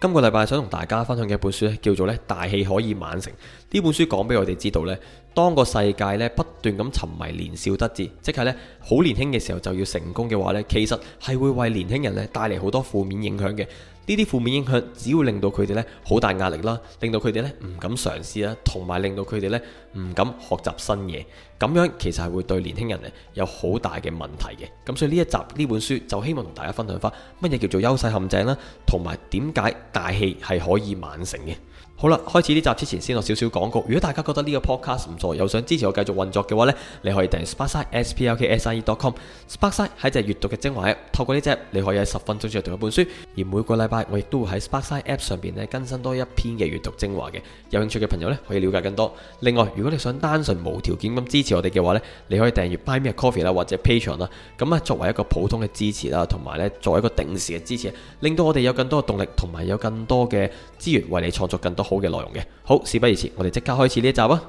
今個禮拜想同大家分享嘅一本書咧，叫做咧《大器可以晚成》。呢本書講俾我哋知道咧，當個世界咧不斷咁沉迷年少得志，即係咧好年輕嘅時候就要成功嘅話咧，其實係會為年輕人咧帶嚟好多負面影響嘅。呢啲負面影響，只會令到佢哋咧好大壓力啦，令到佢哋咧唔敢嘗試啦，同埋令到佢哋咧唔敢學習新嘢。噉樣其實係會對年輕人呢有好大嘅問題嘅。噉所以呢一集呢本書就希望同大家分享返乜嘢叫做優勢陷阱啦，同埋點解大器係可以晚成嘅。好啦，開始呢集之前先落少少廣告。如果大家覺得呢個 podcast 唔錯，又想支持我繼續運作嘅話呢，你可以訂閱 sparkside.spkside.com。Sparkside 係隻閲讀嘅精華 APP，透過呢隻你可以喺十分鐘之內讀一本書。而每個禮拜我亦都會喺 Sparkside app 上邊呢，更新多一篇嘅閲讀精華嘅。有興趣嘅朋友呢，可以了解更多。另外，如果你想單純無條件噉支持，我哋嘅話咧，你可以訂閱 Buy Me Coffee 啦，或者 Patreon 啦，咁啊，作為一個普通嘅支持啦，同埋咧，作為一個定時嘅支持，令到我哋有更多嘅動力，同埋有更多嘅資源為你創作更多好嘅內容嘅。好，事不宜遲，我哋即刻開始呢一集啊！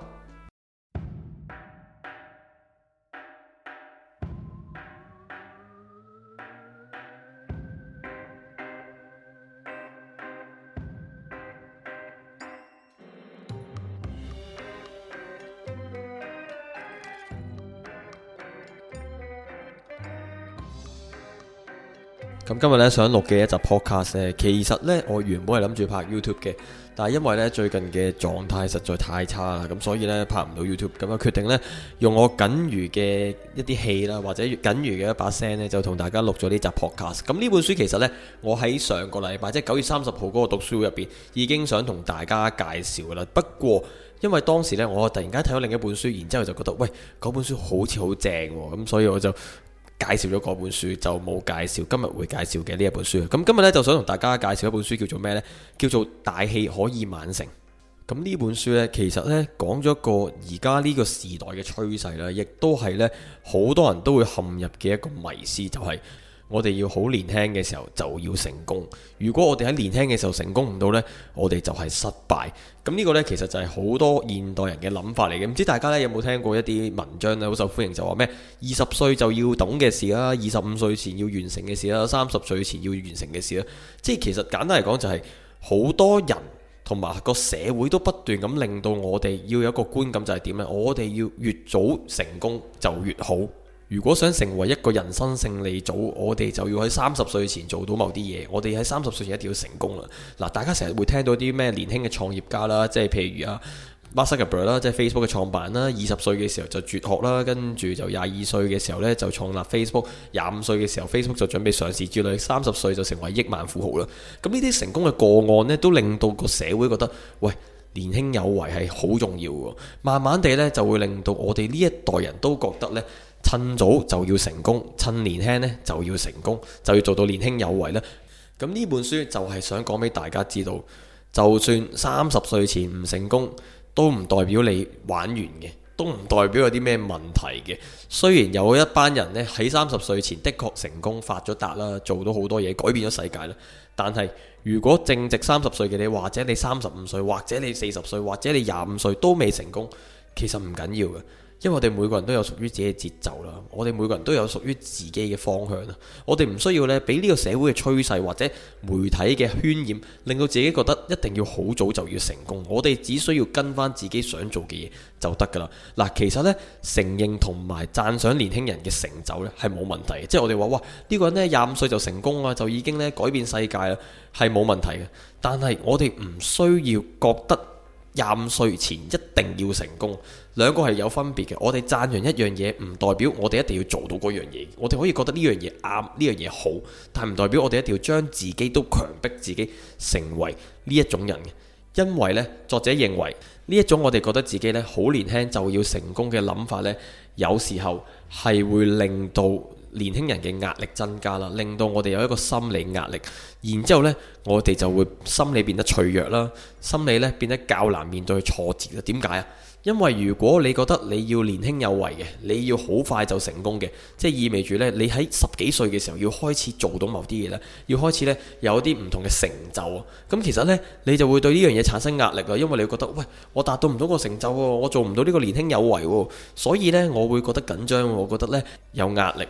咁今日呢想錄嘅一集 podcast 呢，其實呢，我原本係諗住拍 YouTube 嘅，但係因為呢，最近嘅狀態實在太差啦，咁所以呢，拍唔到 YouTube，咁啊決定呢，用我僅餘嘅一啲氣啦，或者僅餘嘅一把聲呢，就同大家錄咗呢集 podcast。咁呢本書其實呢，我喺上個禮拜，即係九月三十號嗰個讀書會入邊，已經想同大家介紹啦。不過因為當時呢，我突然間睇到另一本書，然之後就覺得，喂，嗰本書好似好正，咁所以我就。介紹咗嗰本書就冇介紹，今日會介紹嘅呢一本書。咁今日呢，就想同大家介紹一本書叫做咩呢？叫做《大器可以晚成》。咁呢本書呢，其實呢，講咗一個而家呢個時代嘅趨勢啦，亦都係呢，好多人都會陷入嘅一個迷思，就係、是。我哋要好年輕嘅時候就要成功。如果我哋喺年輕嘅時候成功唔到呢，我哋就係失敗。咁呢個呢，其實就係好多現代人嘅諗法嚟嘅。唔知大家呢有冇聽過一啲文章咧好受歡迎就，就話咩二十歲就要懂嘅事啦，二十五歲前要完成嘅事啦，三十歲前要完成嘅事啦。即係其實簡單嚟講，就係好多人同埋個社會都不斷咁令到我哋要有一個觀感，就係點呢？我哋要越早成功就越好。如果想成為一個人生勝利組，我哋就要喺三十歲前做到某啲嘢。我哋喺三十歲前一定要成功啦。嗱，大家成日會聽到啲咩年輕嘅創業家啦，即係譬如啊，Mark Zuckerberg 啦，即係 Facebook 嘅創辦啦，二十歲嘅時候就輟學啦，跟住就廿二歲嘅時候呢就創立 Facebook，廿五歲嘅時候 Facebook 就準備上市之類，三十歲就成為億萬富豪啦。咁呢啲成功嘅個案呢，都令到個社會覺得喂年輕有為係好重要嘅。慢慢地呢，就會令到我哋呢一代人都覺得呢。趁早就要成功，趁年輕呢就要成功，就要做到年輕有為啦。咁呢本書就係想講俾大家知道，就算三十歲前唔成功，都唔代表你玩完嘅，都唔代表有啲咩問題嘅。雖然有一班人呢喺三十歲前的確成功發咗達啦，做到好多嘢，改變咗世界啦。但係如果正值三十歲嘅你，或者你三十五歲，或者你四十歲，或者你廿五歲都未成功，其實唔緊要嘅。因為我哋每個人都有屬於自己嘅節奏啦，我哋每個人都有屬於自己嘅方向啦，我哋唔需要咧俾呢個社會嘅趨勢或者媒體嘅渲染，令到自己覺得一定要好早就要成功。我哋只需要跟翻自己想做嘅嘢就得噶啦。嗱，其實咧承認同埋讚賞年輕人嘅成就咧係冇問題嘅，即係我哋話哇，呢個人呢，廿五歲就成功啊，就已經咧改變世界啦，係冇問題嘅。但係我哋唔需要覺得廿五歲前一定要成功。兩個係有分別嘅，我哋讚揚一樣嘢，唔代表我哋一定要做到嗰樣嘢，我哋可以覺得呢樣嘢啱，呢樣嘢好，但唔代表我哋一定要將自己都強迫自己成為呢一種人嘅。因為呢，作者認為呢一種我哋覺得自己呢好年輕就要成功嘅諗法呢，有時候係會令到年輕人嘅壓力增加啦，令到我哋有一個心理壓力，然之後呢，我哋就會心理變得脆弱啦，心理呢變得較難面對挫折啦。點解啊？因為如果你覺得你要年輕有為嘅，你要好快就成功嘅，即係意味住咧，你喺十幾歲嘅時候要開始做到某啲嘢咧，要開始咧有啲唔同嘅成就，咁其實呢，你就會對呢樣嘢產生壓力啦，因為你會覺得喂，我達到唔到個成就喎，我做唔到呢個年輕有為喎，所以呢，我會覺得緊張，我覺得呢，有壓力。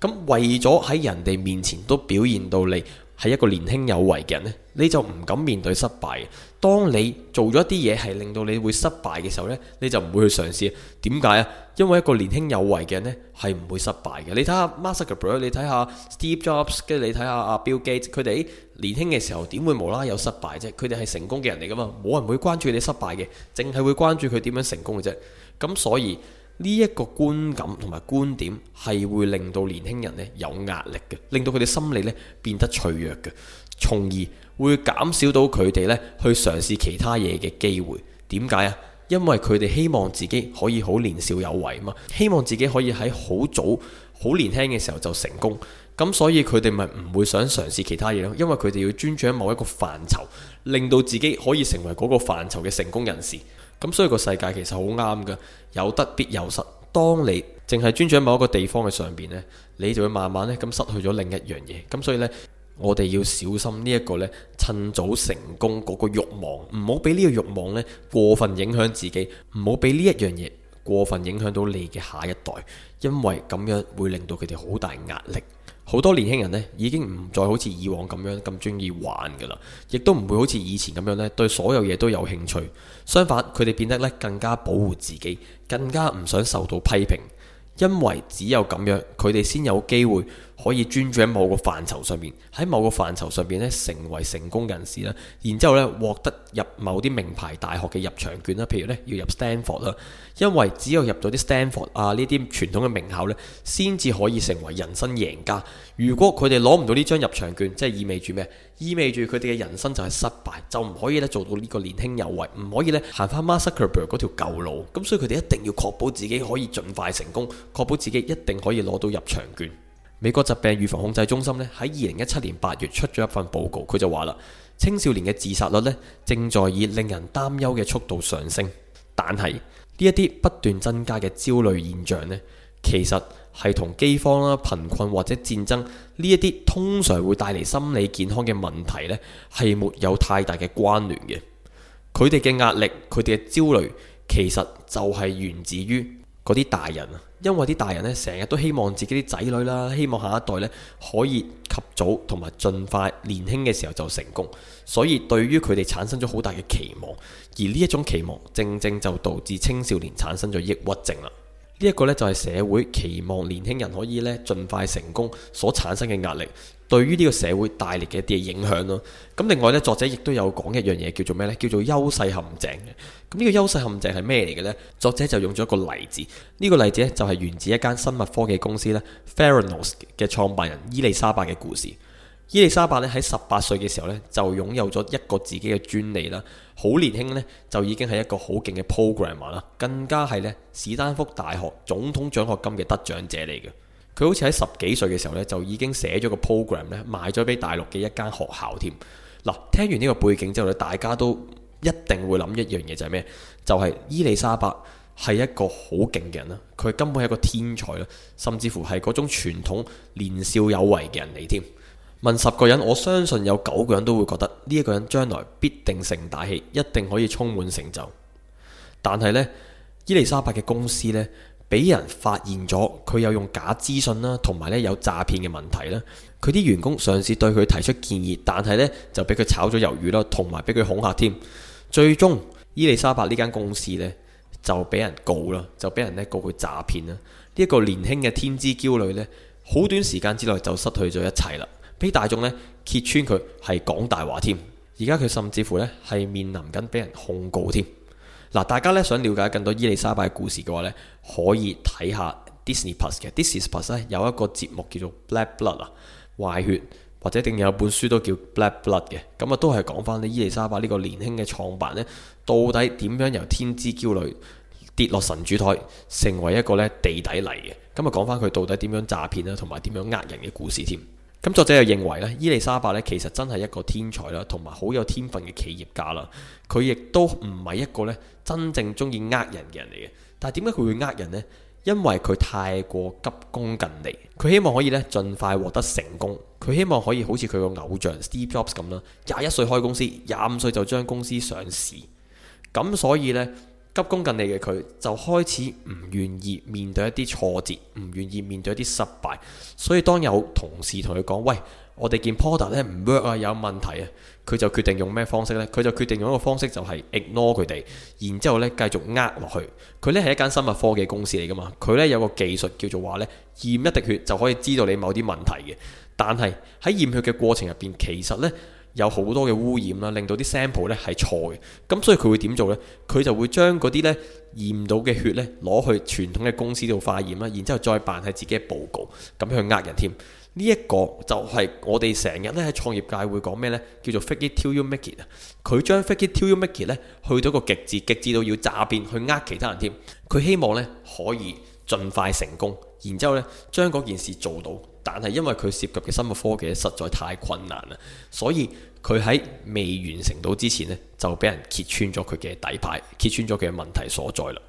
咁為咗喺人哋面前都表現到你係一個年輕有為嘅人咧，你就唔敢面對失敗。當你做咗一啲嘢係令到你會失敗嘅時候呢，你就唔會去嘗試。點解啊？因為一個年輕有為嘅人呢係唔會失敗嘅。你睇下 Mark Zuckerberg，你睇下 Steve Jobs，跟住你睇下阿 Bill Gates，佢哋年輕嘅時候點會無啦有失敗啫？佢哋係成功嘅人嚟噶嘛，冇人會關注你失敗嘅，淨係會關注佢點樣成功嘅啫。咁所以呢一個觀感同埋觀點係會令到年輕人呢有壓力嘅，令到佢哋心理呢變得脆弱嘅。從而會減少到佢哋咧去嘗試其他嘢嘅機會。點解啊？因為佢哋希望自己可以好年少有為啊嘛，希望自己可以喺好早、好年輕嘅時候就成功。咁所以佢哋咪唔會想嘗試其他嘢咯，因為佢哋要專注喺某一個範疇，令到自己可以成為嗰個範疇嘅成功人士。咁所以個世界其實好啱㗎，有得必有失。當你淨係專注喺某一個地方嘅上邊呢，你就會慢慢咧咁失去咗另一樣嘢。咁所以呢。我哋要小心呢一個咧，趁早成功嗰個慾望，唔好俾呢個慾望咧過分影響自己，唔好俾呢一樣嘢過分影響到你嘅下一代，因為咁樣會令到佢哋好大壓力。好多年輕人呢已經唔再好似以往咁樣咁鍾意玩㗎啦，亦都唔會好似以前咁樣咧對所有嘢都有興趣。相反，佢哋變得咧更加保護自己，更加唔想受到批評，因為只有咁樣，佢哋先有機會。可以專注喺某個範疇上面，喺某個範疇上面咧成為成功人士啦，然之後咧獲得入某啲名牌大學嘅入場券啦，譬如咧要入 Stanford 啦，因為只有入咗啲 Stanford 啊呢啲傳統嘅名校咧，先至可以成為人生贏家。如果佢哋攞唔到呢張入場券，即係意味住咩？意味住佢哋嘅人生就係失敗，就唔可以咧做到呢個年輕有為，唔可以咧行翻 Mark Zuckerberg 嗰條舊路。咁所以佢哋一定要確保自己可以盡快成功，確保自己一定可以攞到入場券。美國疾病預防控制中心咧喺二零一七年八月出咗一份報告，佢就話啦，青少年嘅自殺率咧正在以令人擔憂嘅速度上升。但係呢一啲不斷增加嘅焦慮現象咧，其實係同饑荒啦、貧困或者戰爭呢一啲通常會帶嚟心理健康嘅問題咧，係沒有太大嘅關聯嘅。佢哋嘅壓力、佢哋嘅焦慮，其實就係源自於嗰啲大人啊。因為啲大人咧，成日都希望自己啲仔女啦，希望下一代咧可以及早同埋盡快年輕嘅時候就成功，所以對於佢哋產生咗好大嘅期望，而呢一種期望正正就導致青少年產生咗抑鬱症啦。呢一個咧就係社會期望年輕人可以咧盡快成功所產生嘅壓力。對於呢個社會帶嚟嘅一啲影響咯，咁另外咧，作者亦都有講一樣嘢叫做咩呢？叫做優勢陷阱嘅。咁、這、呢個優勢陷阱係咩嚟嘅呢？作者就用咗一個例子，呢、這個例子咧就係源自一間生物科技公司咧 Theranos 嘅創辦人伊麗莎白嘅故事。伊麗莎白咧喺十八歲嘅時候咧就擁有咗一個自己嘅專利啦，好年輕咧就已經係一個好勁嘅 programmer 啦，更加係咧史丹福大學總統獎學金嘅得獎者嚟嘅。佢好似喺十幾歲嘅時候咧，就已經寫咗個 program 咧，賣咗俾大陸嘅一間學校添。嗱，聽完呢個背景之後咧，大家都一定會諗一樣嘢，就係咩？就係伊麗莎白係一個好勁嘅人啦，佢根本係一個天才啦，甚至乎係嗰種傳統年少有為嘅人嚟添。問十個人，我相信有九個人都會覺得呢一個人將來必定成大器，一定可以充滿成就。但係呢，伊麗莎白嘅公司呢，俾人發現咗，佢有用假資訊啦，同埋咧有詐騙嘅問題啦。佢啲員工嘗試對佢提出建議，但係咧就俾佢炒咗魷魚啦，同埋俾佢恐嚇添。最終伊麗莎白呢間公司咧就俾人告啦，就俾人咧告佢詐騙啦。呢、這、一個年輕嘅天之驕女咧，好短時間之內就失去咗一切啦，俾大眾咧揭穿佢係講大話添。而家佢甚至乎咧係面臨緊俾人控告添。嗱，大家咧想了解更多伊麗莎白嘅故事嘅話咧，可以睇下 Dis Disney Plus 嘅 Disney Plus 咧有一個節目叫做 Black Blood 啊，壞血或者定有本書都叫 Black Blood 嘅，咁啊都係講翻呢，伊麗莎白呢個年輕嘅創辦咧，到底點樣由天之嬌女跌落神主台，成為一個咧地底泥嘅，咁啊講翻佢到底點樣詐騙啦，同埋點樣呃人嘅故事添。咁作者又認為咧，伊麗莎白咧其實真係一個天才啦，同埋好有天分嘅企業家啦。佢亦都唔係一個咧真正中意呃人嘅人嚟嘅。但係點解佢會呃人呢？因為佢太過急功近利，佢希望可以咧盡快獲得成功，佢希望可以好似佢個偶像 Steve Jobs 咁啦，廿一歲開公司，廿五歲就將公司上市。咁所以呢，急功近利嘅佢就開始唔願意面對一啲挫折，唔願意面對一啲失敗，所以當有同事同佢講：「喂，我哋件 project 唔 work 啊，有問題啊，佢就決定用咩方式呢？佢就決定用一個方式就係 ignore 佢哋，然之後咧繼續呃落去。佢咧係一間生物科技公司嚟噶嘛。佢咧有個技術叫做話咧驗一滴血就可以知道你某啲問題嘅，但係喺驗血嘅過程入邊，其實呢……有好多嘅污染啦，令到啲 sample 咧係錯嘅，咁所以佢會點做呢？佢就會將嗰啲咧驗到嘅血咧攞去傳統嘅公司度化驗啦，然之後再辦喺自己嘅報告，咁去呃人添。呢、這、一個就係我哋成日咧喺創業界會講咩呢？叫做 fake it till you make it 啊！佢將 fake it till you make it 咧去到個極致，極致到要詐去騙去呃其他人添。佢希望呢可以盡快成功，然之後咧將嗰件事做到。但係因為佢涉及嘅生物科技實在太困難啦，所以佢喺未完成到之前呢，就俾人揭穿咗佢嘅底牌，揭穿咗佢嘅問題所在啦。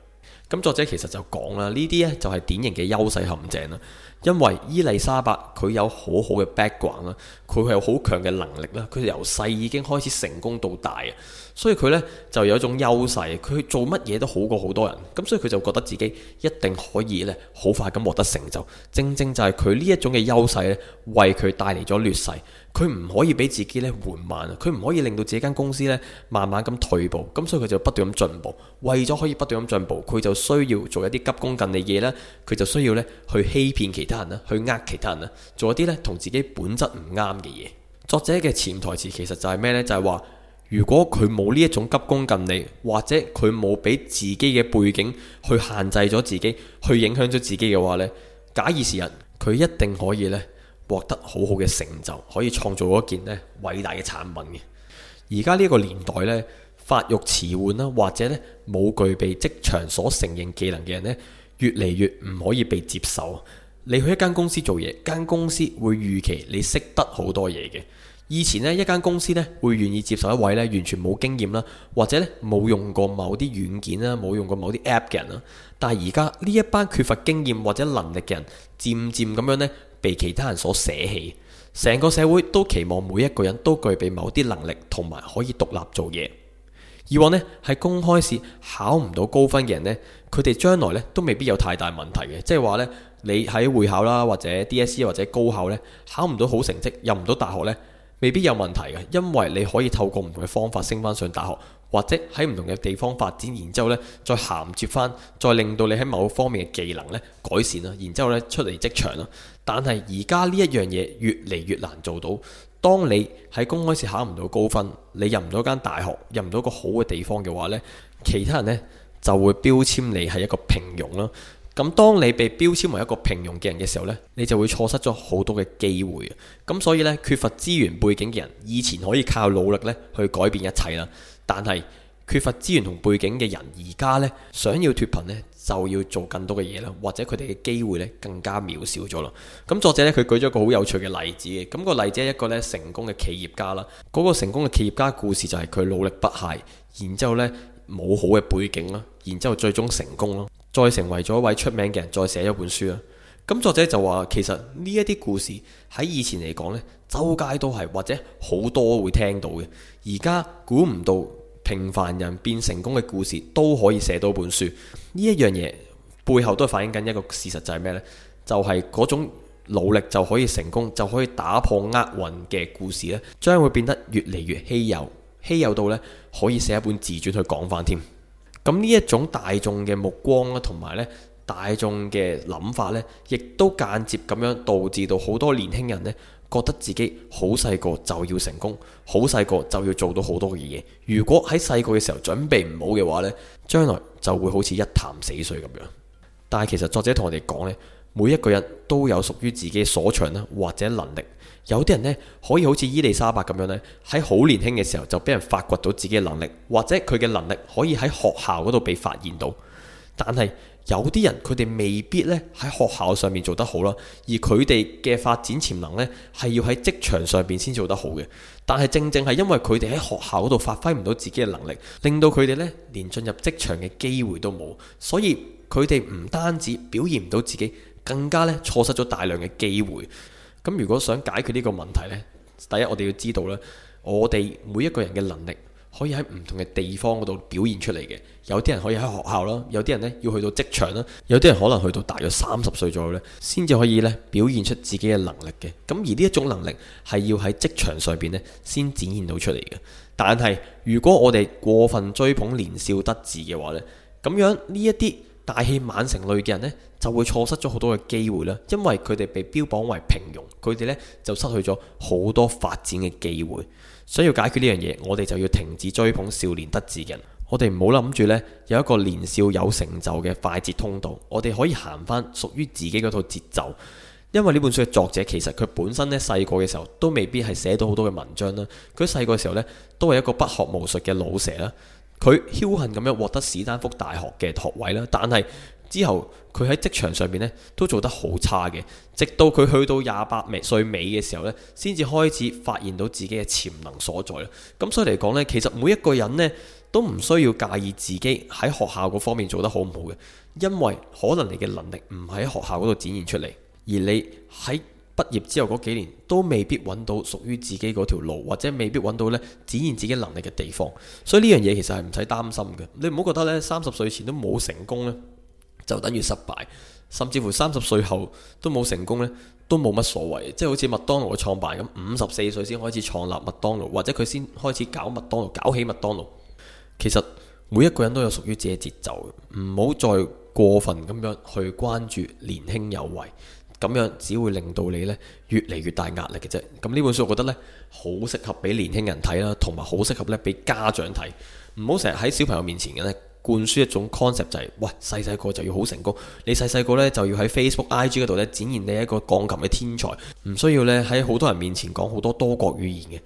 咁作者其實就講啦，呢啲呢就係典型嘅優勢陷阱啦。因為伊麗莎白佢有好好嘅 background 啦，佢係有好強嘅能力啦，佢由細已經開始成功到大啊，所以佢呢就有一種優勢，佢做乜嘢都好過好多人。咁所以佢就覺得自己一定可以呢，好快咁獲得成就。正正就係佢呢一種嘅優勢呢為佢帶嚟咗劣勢。佢唔可以俾自己咧緩慢，佢唔可以令到自己間公司咧慢慢咁退步，咁所以佢就不斷咁進步。為咗可以不斷咁進步，佢就需要做一啲急功近利嘢啦，佢就需要咧去欺騙其他人啦，去呃其他人啦，做一啲咧同自己本質唔啱嘅嘢。作者嘅潛台詞其實就係咩呢？就係話，如果佢冇呢一種急功近利，或者佢冇俾自己嘅背景去限制咗自己，去影響咗自己嘅話咧，假以時日，佢一定可以咧，獲得好好嘅成就，可以創造一件咧偉大嘅產品嘅。而家呢一個年代咧，發育遲緩啦，或者咧冇具備職場所承認技能嘅人咧，越嚟越唔可以被接受。你去一間公司做嘢，間公司會預期你識得好多嘢嘅。以前呢一間公司咧會願意接受一位咧完全冇經驗啦，或者咧冇用過某啲軟件啦，冇用過某啲 app 嘅人啦。但係而家呢一班缺乏經驗或者能力嘅人，漸漸咁樣咧，被其他人所捨棄，成個社會都期望每一個人都具備某啲能力，同埋可以獨立做嘢。以往呢，喺公開試考唔到高分嘅人呢，佢哋將來呢都未必有太大問題嘅。即係話呢，你喺會考啦，或者 DSE 或者高考呢，考唔到好成績，入唔到大學呢，未必有問題嘅，因為你可以透過唔同嘅方法升翻上大學。或者喺唔同嘅地方發展，然之後呢再銜接翻，再令到你喺某方面嘅技能咧改善啦。然之後呢出嚟職場啦，但係而家呢一樣嘢越嚟越難做到。當你喺公開試考唔到高分，你入唔到間大學，入唔到個好嘅地方嘅話呢，其他人呢就會標籤你係一個平庸啦。咁當你被標籤為一個平庸嘅人嘅時候呢，你就會錯失咗好多嘅機會。咁所以呢，缺乏資源背景嘅人，以前可以靠努力呢去改變一切啦。但係缺乏資源同背景嘅人，而家呢，想要脫貧呢，就要做更多嘅嘢啦，或者佢哋嘅機會呢，更加渺小咗咯。咁作者呢，佢舉咗一個好有趣嘅例子嘅，咁個例子係一個呢成功嘅企業家啦。嗰個成功嘅企業家故事就係佢努力不懈，然之後呢，冇好嘅背景啦，然之後最終成功咯，再成為咗一位出名嘅人，再寫一本書啦。咁作者就話其實呢一啲故事喺以前嚟講呢，周街都係或者好多都會聽到嘅，而家估唔到。平凡人變成功嘅故事都可以寫到本書，呢一樣嘢背後都反映緊一個事實，就係咩呢？就係嗰種努力就可以成功，就可以打破厄運嘅故事呢，將會變得越嚟越稀有，稀有到呢，可以寫一本自傳去講翻添。咁呢一種大眾嘅目光咧，同埋呢……大眾嘅諗法呢，亦都間接咁樣導致到好多年輕人呢，覺得自己好細個就要成功，好細個就要做到好多嘅嘢。如果喺細個嘅時候準備唔好嘅話呢，將來就會好似一潭死水咁樣。但係其實作者同我哋講呢，每一個人都有屬於自己嘅所長啦，或者能力。有啲人呢，可以好似伊麗莎白咁樣呢，喺好年輕嘅時候就俾人發掘到自己嘅能力，或者佢嘅能力可以喺學校嗰度被發現到，但係。有啲人佢哋未必咧喺學校上面做得好啦，而佢哋嘅發展潛能呢，係要喺職場上面先做得好嘅。但係正正係因為佢哋喺學校嗰度發揮唔到自己嘅能力，令到佢哋呢連進入職場嘅機會都冇。所以佢哋唔單止表現唔到自己，更加咧錯失咗大量嘅機會。咁如果想解決呢個問題呢，第一我哋要知道咧，我哋每一個人嘅能力。可以喺唔同嘅地方嗰度表現出嚟嘅，有啲人可以喺學校啦，有啲人呢要去到職場啦，有啲人可能去到大約三十歲左右呢先至可以呢表現出自己嘅能力嘅。咁而呢一種能力係要喺職場上邊呢先展現到出嚟嘅。但係如果我哋過分追捧年少得志嘅話呢，咁樣呢一啲大器晚成類嘅人呢就會錯失咗好多嘅機會啦，因為佢哋被標榜為平庸，佢哋呢就失去咗好多發展嘅機會。想要解決呢樣嘢，我哋就要停止追捧少年得志嘅人。我哋唔好諗住呢，有一個年少有成就嘅快捷通道。我哋可以行翻屬於自己嗰套節奏，因為呢本書嘅作者其實佢本身呢，細個嘅時候都未必係寫到好多嘅文章啦。佢細個嘅時候呢，都係一個不學無術嘅老蛇啦。佢僥幸咁樣獲得史丹福大學嘅學位啦，但係之後。佢喺職場上面咧都做得好差嘅，直到佢去到廿八歲尾嘅時候咧，先至開始發現到自己嘅潛能所在啦。咁所以嚟講咧，其實每一個人咧都唔需要介意自己喺學校嗰方面做得好唔好嘅，因為可能你嘅能力唔喺學校嗰度展現出嚟，而你喺畢業之後嗰幾年都未必揾到屬於自己嗰條路，或者未必揾到咧展現自己能力嘅地方。所以呢樣嘢其實係唔使擔心嘅。你唔好覺得咧三十歲前都冇成功咧，就等於失敗，甚至乎三十歲後都冇成功呢，都冇乜所謂。即係好似麥當勞嘅創辦咁，五十四歲先開始創立麥當勞，或者佢先開始搞麥當勞，搞起麥當勞。其實每一個人都有屬於自己嘅節奏，唔好再過分咁樣去關注年輕有為，咁樣只會令到你呢越嚟越大壓力嘅啫。咁呢本書我覺得呢，好適合俾年輕人睇啦，同埋好適合咧俾家長睇，唔好成日喺小朋友面前嘅呢。灌輸一種 concept 就係、是：喂，細細個就要好成功。你細細個呢就要喺 Facebook、IG 嗰度呢展現你一個鋼琴嘅天才，唔需要呢喺好多人面前講好多多國語言嘅。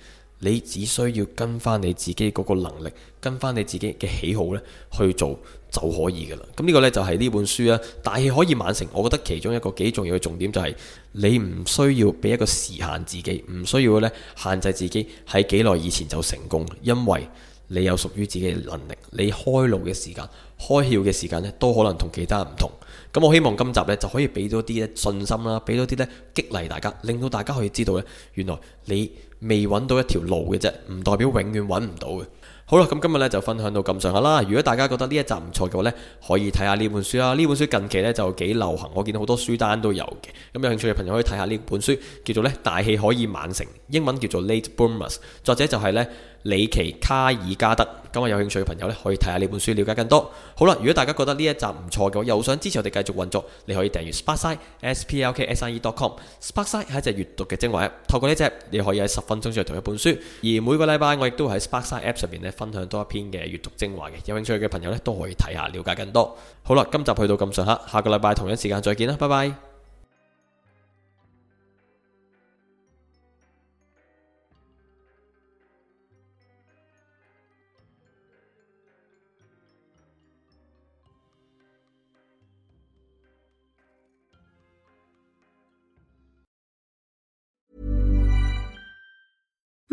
你只需要跟翻你自己嗰個能力，跟翻你自己嘅喜好呢去做就可以噶啦。咁呢個呢就係呢本書啊，大器可以晚成。我覺得其中一個幾重要嘅重點就係、是、你唔需要俾一個時限自己，唔需要呢限制自己喺幾耐以前就成功，因為。你有屬於自己嘅能力，你開路嘅時間、開竅嘅時間咧，都可能同其他人唔同。咁我希望今集咧就可以俾到啲信心啦，俾到啲咧激勵大家，令到大家可以知道咧，原來你未揾到一條路嘅啫，唔代表永遠揾唔到嘅。好啦，咁今日咧就分享到咁上下啦。如果大家覺得呢一集唔錯嘅話呢，可以睇下呢本書啦。呢本書近期呢就幾流行，我見到好多書單都有嘅。咁有興趣嘅朋友可以睇下呢本書，叫做咧《大器可以晚成》，英文叫做《Late Boomers》，作者就係呢里奇卡爾加德。咁啊，今有興趣嘅朋友咧，可以睇下呢本書，了解更多。好啦，如果大家覺得呢一集唔錯嘅話，又想支持我哋繼續運作，你可以訂閱 Sparkside s p l k s i e dot com。Sparkside 係一隻閱讀嘅精華 app，透過呢隻，你可以喺十分鐘之內讀一本書。而每個禮拜我亦都喺 Sparkside app 上面咧分享多一篇嘅閱讀精華嘅，有興趣嘅朋友咧都可以睇下，了解更多。好啦，今集去到咁上下啦，下個禮拜同一時間再見啦，拜拜。